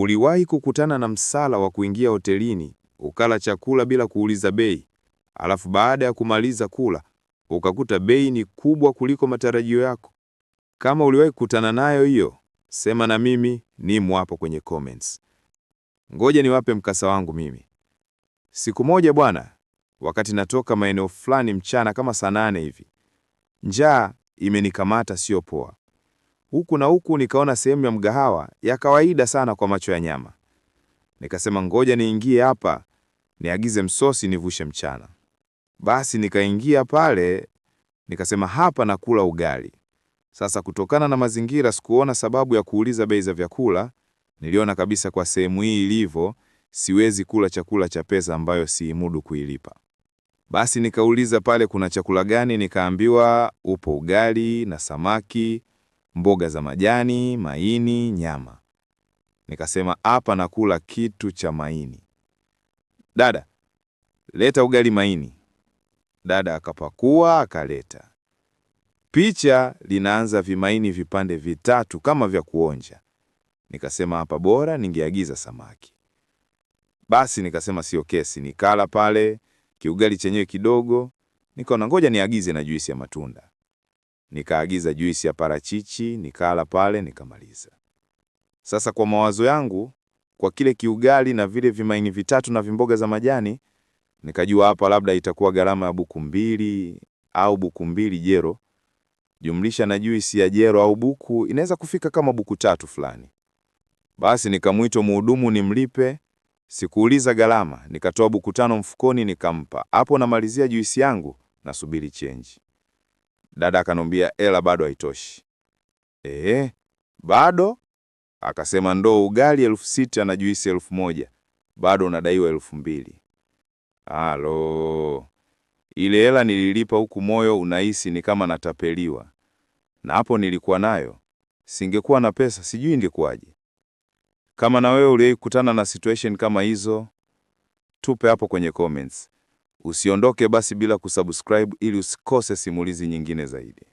Uliwahi kukutana na msala wa kuingia hotelini ukala chakula bila kuuliza bei, alafu baada ya kumaliza kula ukakuta bei ni kubwa kuliko matarajio yako? Kama uliwahi kukutana nayo hiyo, sema na mimi nimo hapo kwenye comments. Ngoja niwape mkasa wangu mimi. Siku moja bwana, wakati natoka maeneo fulani mchana kama saa nane hivi, njaa imenikamata sio poa. Huku na huku nikaona sehemu ya mgahawa ya kawaida sana kwa macho ya nyama. Nikasema ngoja niingie hapa niagize msosi nivushe mchana. Basi nikaingia pale, nikasema hapa nakula ugali. Sasa kutokana na mazingira sikuona sababu ya kuuliza bei za vyakula. Niliona kabisa kwa sehemu hii ilivyo, siwezi kula chakula cha pesa ambayo siimudu kuilipa. Basi nikauliza pale kuna chakula gani, nikaambiwa upo ugali na samaki mboga za majani, maini, nyama. Nikasema hapa nakula kitu cha maini. Dada, leta ugali maini. Dada akapakua akaleta. Picha linaanza vimaini vipande vitatu kama vya kuonja. Nikasema hapa bora ningeagiza samaki. Basi nikasema sio kesi, nikala pale kiugali chenyewe kidogo, nikaona ngoja niagize na juisi ya matunda nikaagiza juisi ya parachichi, nikala pale nikamaliza. Sasa kwa mawazo yangu, kwa kile kiugali na vile vimaini vitatu na vimboga za majani, nikajua hapa labda itakuwa gharama ya buku mbili au buku mbili jero, jumlisha na juisi ya jero au buku, inaweza kufika kama buku tatu fulani. Basi nikamwita muhudumu nimlipe. Sikuuliza gharama, nikatoa buku tano mfukoni nikampa. Hapo namalizia juisi yangu, nasubiri chenji. Dada akaniambia ela bado haitoshi. Eh, bado? Akasema ndoo ugali elfu sita na juisi elfu moja bado unadaiwa elfu mbili. Halo, ah, ile hela nililipa huku moyo unahisi ni kama natapeliwa, na hapo nilikuwa nayo, singekuwa na pesa, sijui ingekuwaje. Kama na wewe uliyekutana na situation kama hizo, tupe hapo kwenye comments. Usiondoke basi bila kusubscribe ili usikose simulizi nyingine zaidi.